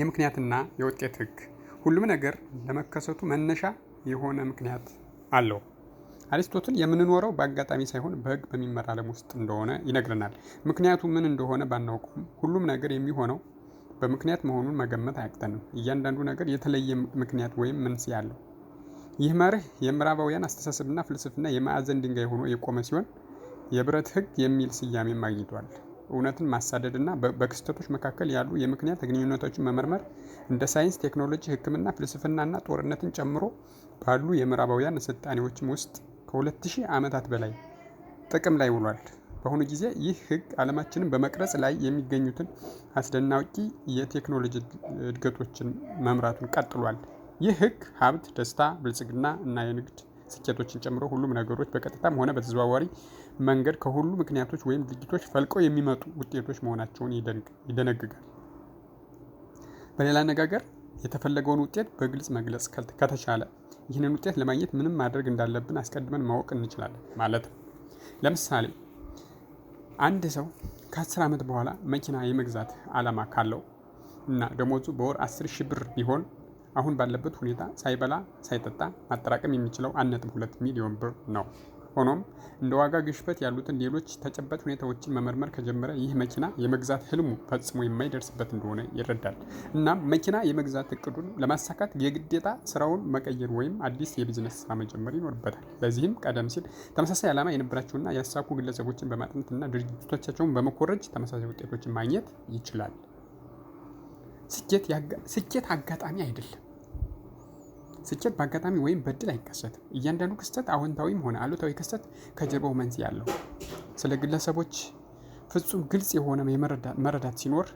የምክንያትና የውጤት ህግ ሁሉም ነገር ለመከሰቱ መነሻ የሆነ ምክንያት አለው። አሪስቶትል የምንኖረው በአጋጣሚ ሳይሆን በህግ በሚመራ ዓለም ውስጥ እንደሆነ ይነግረናል። ምክንያቱ ምን እንደሆነ ባናውቁም ሁሉም ነገር የሚሆነው በምክንያት መሆኑን መገመት አያቅተንም። እያንዳንዱ ነገር የተለየ ምክንያት ወይም መንስኤ አለው። ይህ መርህ የምዕራባውያን አስተሳሰብና ፍልስፍና የማዕዘን ድንጋይ ሆኖ የቆመ ሲሆን የብረት ህግ የሚል ስያሜም አግኝቷል። እውነትን ማሳደድ እና በክስተቶች መካከል ያሉ የምክንያት ግንኙነቶችን መመርመር እንደ ሳይንስ፣ ቴክኖሎጂ፣ ሕክምና፣ ፍልስፍናና ጦርነትን ጨምሮ ባሉ የምዕራባውያን ስልጣኔዎችም ውስጥ ከ2000 ዓመታት በላይ ጥቅም ላይ ውሏል። በአሁኑ ጊዜ ይህ ህግ ዓለማችንን በመቅረጽ ላይ የሚገኙትን አስደናቂ የቴክኖሎጂ እድገቶችን መምራቱን ቀጥሏል። ይህ ህግ ሀብት፣ ደስታ፣ ብልጽግና እና የንግድ ስኬቶችን ጨምሮ ሁሉም ነገሮች በቀጥታም ሆነ በተዘዋዋሪ መንገድ ከሁሉ ምክንያቶች ወይም ድርጊቶች ፈልቀው የሚመጡ ውጤቶች መሆናቸውን ይደነግጋል። በሌላ አነጋገር የተፈለገውን ውጤት በግልጽ መግለጽ ከተቻለ ይህንን ውጤት ለማግኘት ምንም ማድረግ እንዳለብን አስቀድመን ማወቅ እንችላለን ማለት ነው። ለምሳሌ አንድ ሰው ከአስር ዓመት በኋላ መኪና የመግዛት ዓላማ ካለው እና ደሞዙ በወር አስር ሺህ ብር ቢሆን አሁን ባለበት ሁኔታ ሳይበላ ሳይጠጣ ማጠራቀም የሚችለው አንድ ነጥብ ሁለት ሚሊዮን ብር ነው። ሆኖም እንደ ዋጋ ግሽበት ያሉትን ሌሎች ተጨባጭ ሁኔታዎችን መመርመር ከጀመረ ይህ መኪና የመግዛት ህልሙ ፈጽሞ የማይደርስበት እንደሆነ ይረዳል። እናም መኪና የመግዛት እቅዱን ለማሳካት የግዴታ ስራውን መቀየር ወይም አዲስ የቢዝነስ ስራ መጀመር ይኖርበታል። ለዚህም ቀደም ሲል ተመሳሳይ ዓላማ የነበራቸውና ያሳኩ ግለሰቦችን በማጥናትና ድርጅቶቻቸውን በመኮረጅ ተመሳሳይ ውጤቶችን ማግኘት ይችላል። ስኬት አጋጣሚ አይደለም። ስኬት በአጋጣሚ ወይም በእድል አይከሰትም። እያንዳንዱ ክስተት አዎንታዊም ሆነ አሉታዊ ክስተት ከጀርባው መንስኤ አለው። ስለ ግለሰቦች ፍጹም ግልጽ የሆነ መረዳት ሲኖር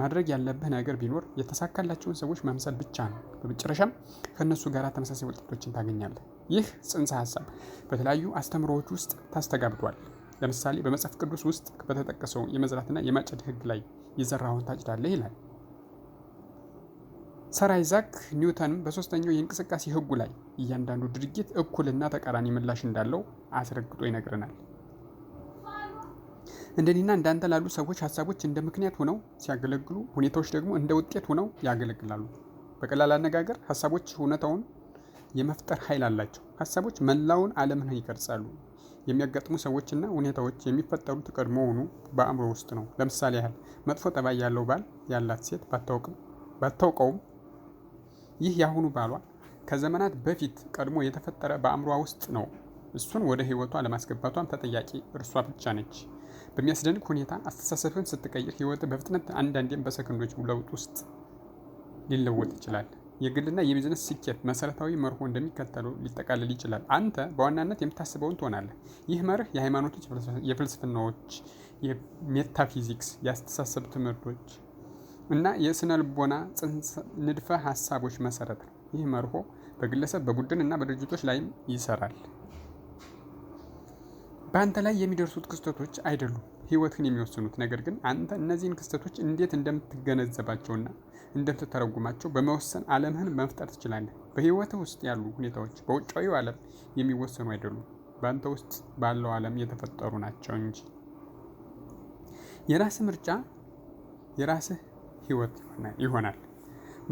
ማድረግ ያለብህ ነገር ቢኖር የተሳካላቸውን ሰዎች መምሰል ብቻ ነው። በመጨረሻም ከእነሱ ጋር ተመሳሳይ ውጤቶችን ታገኛለህ። ይህ ጽንሰ ሀሳብ በተለያዩ አስተምሮዎች ውስጥ ታስተጋብቷል። ለምሳሌ በመጽሐፍ ቅዱስ ውስጥ በተጠቀሰው የመዝራትና የማጨድ ሕግ ላይ የዘራውን ታጭዳለህ ይላል። ሰር አይዛክ ኒውተንም በሶስተኛው የእንቅስቃሴ ህጉ ላይ እያንዳንዱ ድርጊት እኩልና ተቃራኒ ምላሽ እንዳለው አስረግጦ ይነግረናል። እንደኔና እንዳንተ ላሉ ሰዎች ሀሳቦች እንደ ምክንያት ሆነው ሲያገለግሉ፣ ሁኔታዎች ደግሞ እንደ ውጤት ሆነው ያገለግላሉ። በቀላል አነጋገር ሀሳቦች እውነታውን የመፍጠር ኃይል አላቸው። ሀሳቦች መላውን ዓለምን ይቀርጻሉ። የሚያጋጥሙ ሰዎችና ሁኔታዎች የሚፈጠሩት ቀድሞውኑ በአእምሮ ውስጥ ነው። ለምሳሌ ያህል መጥፎ ጠባይ ያለው ባል ያላት ሴት ባታውቅም ባታውቀውም ይህ የአሁኑ ባሏ ከዘመናት በፊት ቀድሞ የተፈጠረ በአእምሯ ውስጥ ነው። እሱን ወደ ህይወቷ ለማስገባቷም ተጠያቂ እርሷ ብቻ ነች። በሚያስደንቅ ሁኔታ አስተሳሰብህን ስትቀይር ህይወት በፍጥነት አንዳንዴም በሰከንዶች ለውጥ ውስጥ ሊለወጥ ይችላል። የግልና የቢዝነስ ስኬት መሰረታዊ መርሆ እንደሚከተለው ሊጠቃልል ይችላል። አንተ በዋናነት የምታስበውን ትሆናለህ። ይህ መርህ የሃይማኖቶች፣ የፍልስፍናዎች፣ የሜታፊዚክስ፣ የአስተሳሰብ ትምህርቶች እና የስነ ልቦና ጽንሰ ንድፈ ሀሳቦች መሰረት ነው። ይህ መርሆ በግለሰብ በቡድን እና በድርጅቶች ላይም ይሰራል። በአንተ ላይ የሚደርሱት ክስተቶች አይደሉም ህይወትን የሚወስኑት ነገር ግን አንተ እነዚህን ክስተቶች እንዴት እንደምትገነዘባቸውና እንደምትተረጉማቸው በመወሰን ዓለምህን መፍጠር ትችላለህ። በህይወትህ ውስጥ ያሉ ሁኔታዎች በውጫዊው ዓለም የሚወሰኑ አይደሉም፣ በአንተ ውስጥ ባለው ዓለም የተፈጠሩ ናቸው እንጂ። የራስህ ምርጫ የራስህ ህይወት ይሆናል።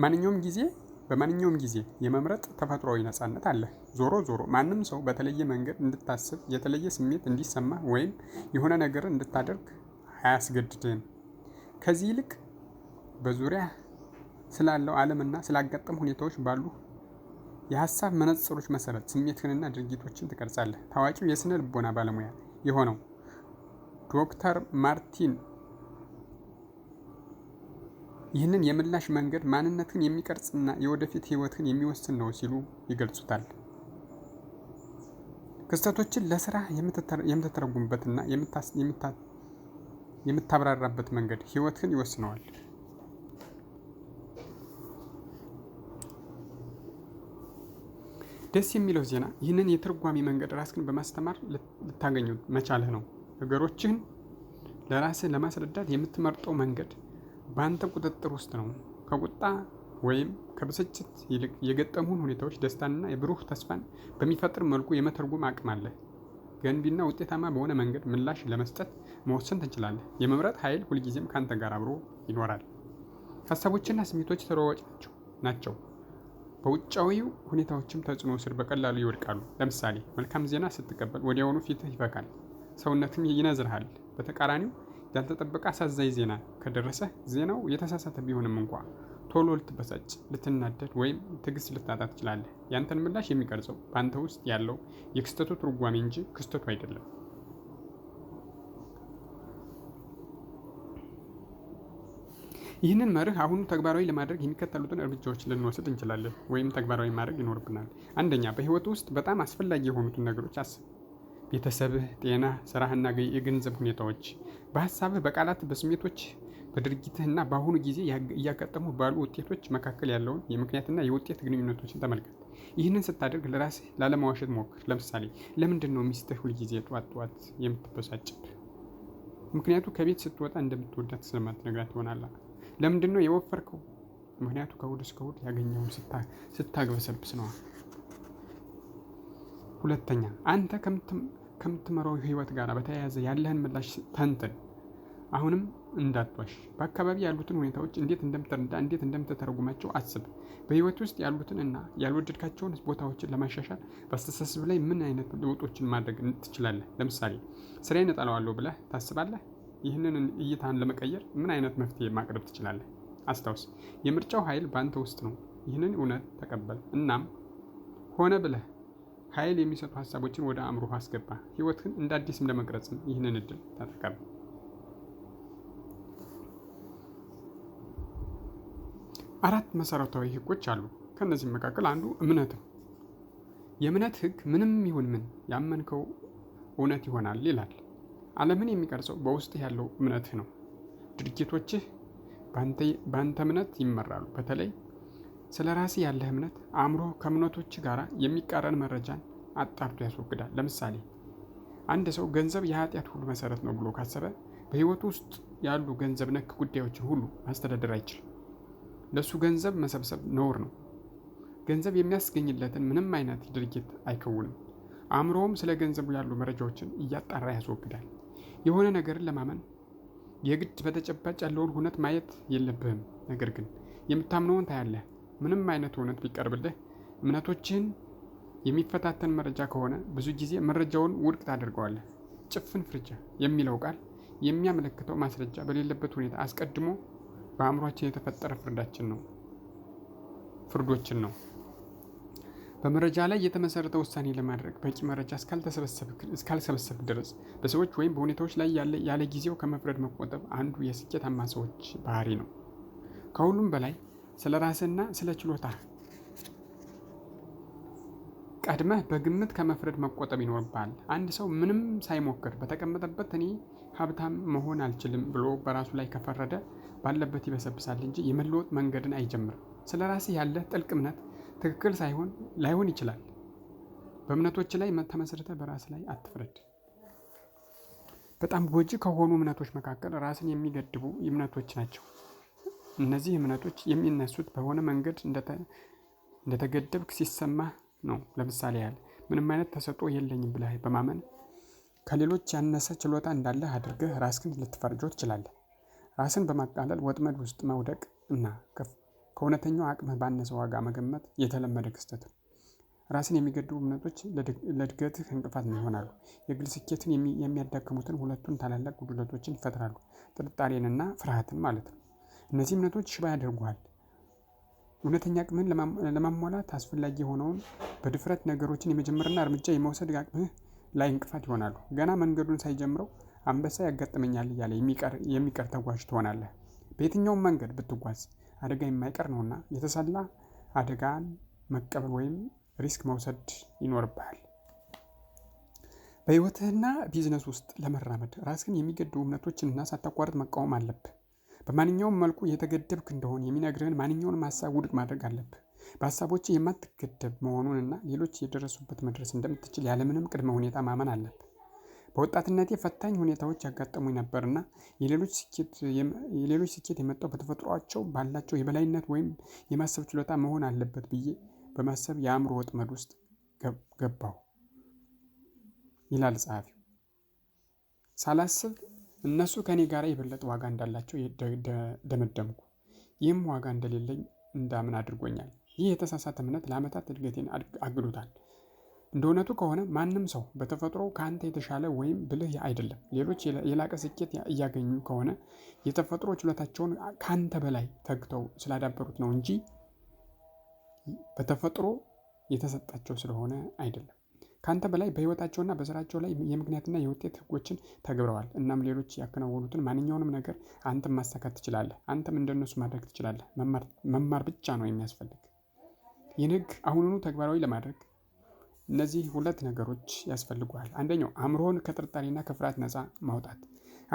ማንኛውም ጊዜ በማንኛውም ጊዜ የመምረጥ ተፈጥሯዊ ነጻነት አለ። ዞሮ ዞሮ ማንም ሰው በተለየ መንገድ እንድታስብ፣ የተለየ ስሜት እንዲሰማ ወይም የሆነ ነገር እንድታደርግ አያስገድድህም። ከዚህ ይልቅ በዙሪያ ስላለው ዓለምና ስላጋጠም ሁኔታዎች ባሉ የሀሳብ መነጽሮች መሰረት ስሜትህንና ድርጊቶችን ትቀርጻለህ። ታዋቂው የስነ ልቦና ባለሙያ የሆነው ዶክተር ማርቲን ይህንን የምላሽ መንገድ ማንነትን የሚቀርጽና የወደፊት ህይወትን የሚወስን ነው ሲሉ ይገልጹታል። ክስተቶችን ለስራ የምትተረጉምበትና የምታብራራበት መንገድ ህይወትን ይወስነዋል። ደስ የሚለው ዜና ይህንን የትርጓሜ መንገድ ራስህን በማስተማር ልታገኙ መቻልህ ነው። ነገሮችን ለራስህ ለማስረዳት የምትመርጠው መንገድ በአንተ ቁጥጥር ውስጥ ነው። ከቁጣ ወይም ከብስጭት ይልቅ የገጠሙን ሁኔታዎች ደስታንና የብሩህ ተስፋን በሚፈጥር መልኩ የመተርጎም አቅም አለህ። ገንቢና ውጤታማ በሆነ መንገድ ምላሽ ለመስጠት መወሰን ትችላለህ። የመምረጥ ኃይል ሁልጊዜም ከአንተ ጋር አብሮ ይኖራል። ሀሳቦችና ስሜቶች ተለዋዋጭ ናቸው። በውጫዊ ሁኔታዎችም ተጽዕኖ ስር በቀላሉ ይወድቃሉ። ለምሳሌ መልካም ዜና ስትቀበል ወዲያውኑ ፊትህ ይፈካል፣ ሰውነትም ይነዝርሃል። በተቃራኒው ያልተጠበቀ አሳዛኝ ዜና ከደረሰ ዜናው የተሳሳተ ቢሆንም እንኳ ቶሎ ልትበሳጭ፣ ልትናደድ ወይም ትዕግስት ልታጣ ትችላለህ። ያንተን ምላሽ የሚቀርጸው በአንተ ውስጥ ያለው የክስተቱ ትርጓሜ እንጂ ክስተቱ አይደለም። ይህንን መርህ አሁኑ ተግባራዊ ለማድረግ የሚከተሉትን እርምጃዎች ልንወስድ እንችላለን ወይም ተግባራዊ ማድረግ ይኖርብናል። አንደኛ፣ በህይወት ውስጥ በጣም አስፈላጊ የሆኑትን ነገሮች አስብ። ቤተሰብህ፣ ጤና፣ ስራህና የገንዘብ ሁኔታዎች በሀሳብህ፣ በቃላት፣ በስሜቶች፣ በድርጊትህና በአሁኑ ጊዜ እያጋጠሙ ባሉ ውጤቶች መካከል ያለውን የምክንያትና የውጤት ግንኙነቶችን ተመልከት። ይህንን ስታደርግ ለራስህ ላለማዋሸት ሞክር። ለምሳሌ ለምንድን ነው ሚስትህ ሁልጊዜ ጠዋት ጠዋት የምትበሳጭብ? ምክንያቱ ከቤት ስትወጣ እንደምትወዳት ስለማትነግራት ይሆናላ። ለምንድን ነው የወፈርከው? ምክንያቱ ከሁድ እስከ እሑድ ያገኘውን ስታግበሰብስ ነዋ። ሁለተኛ አንተ ከምትመራው ህይወት ጋር በተያያዘ ያለህን ምላሽ ተንትን። አሁንም እንዳትዋሽ። በአካባቢ ያሉትን ሁኔታዎች እንዴት እንደምትረዳ እንዴት እንደምትተረጉማቸው አስብ። በህይወት ውስጥ ያሉትን እና ያልወደድካቸውን ቦታዎችን ለማሻሻል በአስተሳሰብ ላይ ምን አይነት ለውጦችን ማድረግ ትችላለህ? ለምሳሌ ስራዬን እጠላዋለሁ ብለህ ታስባለህ? ይህንን እይታን ለመቀየር ምን አይነት መፍትሄ ማቅረብ ትችላለህ? አስታውስ፣ የምርጫው ኃይል በአንተ ውስጥ ነው። ይህንን እውነት ተቀበል። እናም ሆነ ብለህ ኃይል የሚሰጡ ሀሳቦችን ወደ አእምሮ አስገባ። ህይወትህን እንደ አዲስም ለመቅረጽም ይህንን እድል ተጠቀም። አራት መሰረታዊ ህጎች አሉ። ከእነዚህም መካከል አንዱ እምነት ነው። የእምነት ህግ ምንም ይሁን ምን ያመንከው እውነት ይሆናል ይላል። ዓለምን የሚቀርጸው በውስጥ ያለው እምነትህ ነው። ድርጊቶችህ በአንተ እምነት ይመራሉ። በተለይ ስለ ራሲ ያለህ እምነት አእምሮ ከእምነቶች ጋር የሚቃረን መረጃን አጣርቶ ያስወግዳል። ለምሳሌ አንድ ሰው ገንዘብ የኃጢአት ሁሉ መሰረት ነው ብሎ ካሰበ በህይወቱ ውስጥ ያሉ ገንዘብ ነክ ጉዳዮችን ሁሉ ማስተዳደር አይችልም። ለእሱ ገንዘብ መሰብሰብ ነውር ነው። ገንዘብ የሚያስገኝለትን ምንም አይነት ድርጊት አይከውንም። አእምሮውም ስለ ገንዘቡ ያሉ መረጃዎችን እያጣራ ያስወግዳል። የሆነ ነገርን ለማመን የግድ በተጨባጭ ያለውን ሁነት ማየት የለብህም። ነገር ግን የምታምነውን ታያለህ። ምንም አይነት እውነት ቢቀርብልህ እምነቶችህን የሚፈታተን መረጃ ከሆነ ብዙ ጊዜ መረጃውን ውድቅ ታደርገዋለህ። ጭፍን ፍርጃ የሚለው ቃል የሚያመለክተው ማስረጃ በሌለበት ሁኔታ አስቀድሞ በአእምሯችን የተፈጠረ ፍርዳችን ነው ፍርዶችን ነው። በመረጃ ላይ የተመሰረተ ውሳኔ ለማድረግ በቂ መረጃ እስካልሰበሰብክ ድረስ በሰዎች ወይም በሁኔታዎች ላይ ያለ ጊዜው ከመፍረድ መቆጠብ አንዱ የስኬታማ ሰዎች ባህሪ ነው። ከሁሉም በላይ ስለ ራስና ስለ ችሎታ ቀድመህ በግምት ከመፍረድ መቆጠብ ይኖርብሃል። አንድ ሰው ምንም ሳይሞክር በተቀመጠበት እኔ ሀብታም መሆን አልችልም ብሎ በራሱ ላይ ከፈረደ ባለበት ይበሰብሳል እንጂ የመለወጥ መንገድን አይጀምርም። ስለ ራስህ ያለህ ጥልቅ እምነት ትክክል ሳይሆን ላይሆን ይችላል። በእምነቶች ላይ ተመስርተ በራስ ላይ አትፍረድ። በጣም ጎጂ ከሆኑ እምነቶች መካከል ራስን የሚገድቡ እምነቶች ናቸው። እነዚህ እምነቶች የሚነሱት በሆነ መንገድ እንደተገደብክ ሲሰማህ ነው። ለምሳሌ ያህል ምንም አይነት ተሰጦ የለኝም ብለህ በማመን ከሌሎች ያነሰ ችሎታ እንዳለህ አድርገህ ራስህን ልትፈርጆ ትችላለህ። ራስን በማቃለል ወጥመድ ውስጥ መውደቅ እና ከእውነተኛው አቅምህ ባነሰ ዋጋ መገመት የተለመደ ክስተት ነው። ራስን የሚገድቡ እምነቶች ለእድገትህ እንቅፋት ይሆናሉ። የግል ስኬትን የሚያዳክሙትን ሁለቱን ታላላቅ ጉድለቶችን ይፈጥራሉ። ጥርጣሬንና ፍርሃትን ማለት ነው። እነዚህ እምነቶች ሽባ ያደርጓል። እውነተኛ አቅምህን ለማሟላት አስፈላጊ የሆነውን በድፍረት ነገሮችን የመጀመርና እርምጃ የመውሰድ አቅምህ ላይ እንቅፋት ይሆናሉ። ገና መንገዱን ሳይጀምረው አንበሳ ያጋጥመኛል እያለ የሚቀር ተጓዥ ትሆናለህ። በየትኛውም መንገድ ብትጓዝ አደጋ የማይቀር ነውና የተሰላ አደጋን መቀበል ወይም ሪስክ መውሰድ ይኖርብሃል። በህይወትህና ቢዝነስ ውስጥ ለመራመድ ራስህን የሚገድቡ እምነቶችንና ሳታቋርጥ መቃወም አለብህ። በማንኛውም መልኩ የተገደብክ እንደሆን የሚነግርህን ማንኛውንም ሀሳብ ውድቅ ማድረግ አለብህ። በሀሳቦች የማትገደብ መሆኑንና ሌሎች የደረሱበት መድረስ እንደምትችል ያለምንም ቅድመ ሁኔታ ማመን አለብህ። በወጣትነቴ ፈታኝ ሁኔታዎች ያጋጠሙኝ ነበርና የሌሎች ስኬት የመጣው በተፈጥሯቸው ባላቸው የበላይነት ወይም የማሰብ ችሎታ መሆን አለበት ብዬ በማሰብ የአእምሮ ወጥመድ ውስጥ ገባሁ ይላል ጸሐፊው። ሳላስብ እነሱ ከእኔ ጋር የበለጠ ዋጋ እንዳላቸው ደመደምኩ። ይህም ዋጋ እንደሌለኝ እንዳምን አድርጎኛል። ይህ የተሳሳተ እምነት ለዓመታት እድገቴን አግዶታል። እንደ እውነቱ ከሆነ ማንም ሰው በተፈጥሮ ከአንተ የተሻለ ወይም ብልህ አይደለም። ሌሎች የላቀ ስኬት እያገኙ ከሆነ የተፈጥሮ ችሎታቸውን ከአንተ በላይ ተግተው ስላዳበሩት ነው እንጂ በተፈጥሮ የተሰጣቸው ስለሆነ አይደለም። ከአንተ በላይ በህይወታቸውና በስራቸው ላይ የምክንያትና የውጤት ህጎችን ተግብረዋል። እናም ሌሎች ያከናወኑትን ማንኛውንም ነገር አንተም ማሳካት ትችላለህ። አንተም እንደነሱ ማድረግ ትችላለህ። መማር ብቻ ነው የሚያስፈልግ። ይህን ህግ አሁኑኑ ተግባራዊ ለማድረግ እነዚህ ሁለት ነገሮች ያስፈልጉሃል። አንደኛው አእምሮህን ከጥርጣሬና ከፍርሃት ነፃ ማውጣት።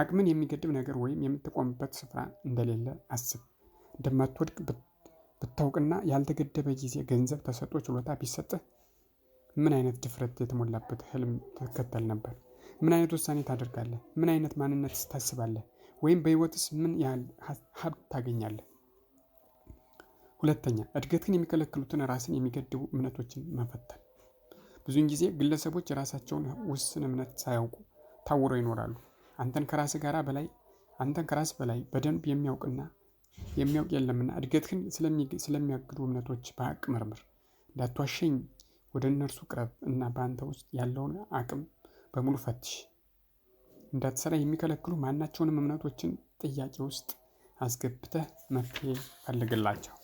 አቅምን የሚገድብ ነገር ወይም የምትቆምበት ስፍራ እንደሌለ አስብ። እንደማትወድቅ ብታውቅና ያልተገደበ ጊዜ፣ ገንዘብ፣ ተሰጥኦ፣ ችሎታ ቢሰጥህ ምን አይነት ድፍረት የተሞላበት ህልም ትከተል ነበር? ምን አይነት ውሳኔ ታደርጋለህ? ምን አይነት ማንነት ታስባለህ? ወይም በህይወትስ ምን ያህል ሀብት ታገኛለህ? ሁለተኛ እድገትን የሚከለክሉትን ራስን የሚገድቡ እምነቶችን መፈተን። ብዙውን ጊዜ ግለሰቦች የራሳቸውን ውስን እምነት ሳያውቁ ታውረው ይኖራሉ። አንተን ከራስ ጋር በላይ አንተን ከራስ በላይ በደንብ የሚያውቅና የሚያውቅ የለምና እድገትህን ስለሚያግዱ እምነቶች በሀቅ መርምር። እንዳትዋሸኝ ወደ እነርሱ ቅረብ እና በአንተ ውስጥ ያለውን አቅም በሙሉ ፈትሽ። እንዳትሰራ የሚከለክሉ ማናቸውንም እምነቶችን ጥያቄ ውስጥ አስገብተህ መፍትሄ ፈልግላቸው።